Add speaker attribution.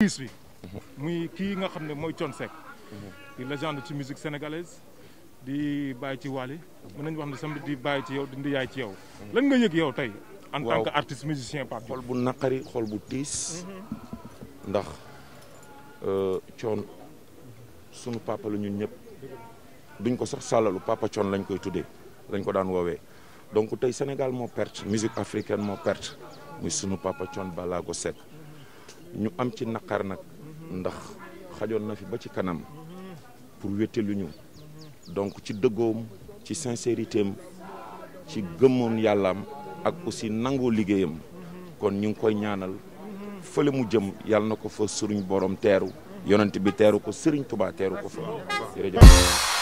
Speaker 1: piis bi muy kii nga xam ne mooy Thione Seck di légende ci musique sénégalaise di bàyyi ci Wally mën nañ wax ne samedi di bàyyi ci yow di yaay ci yow lan nga yëg yow tey en tant que artiste musicien Pape Diouf xol bu
Speaker 2: naqari xol bu tiis ndax euh, sunu papa la ñun ñëpp duñ ko sax sàllalu papa Thione lañ koy tuddee lañ ko daan woowee donc tey Sénégal moo perte musique africaine moo perte muy sunu papa Thione Ballago Seck ñu am ci naqar nag ndax xajoon na fi ba ci kanam pour wéttalu ñu donc ci dëggoom ci sincérité am ci gëmmoon yàllaam ak aussi nangoo liggéeyam kon ñu ngi koy ñaanal fële mu jëm yàlla na ko fa suruñ borom teeru yonent bi teeru ko sëriñ Tuubaa teeru ko fa jërëjëf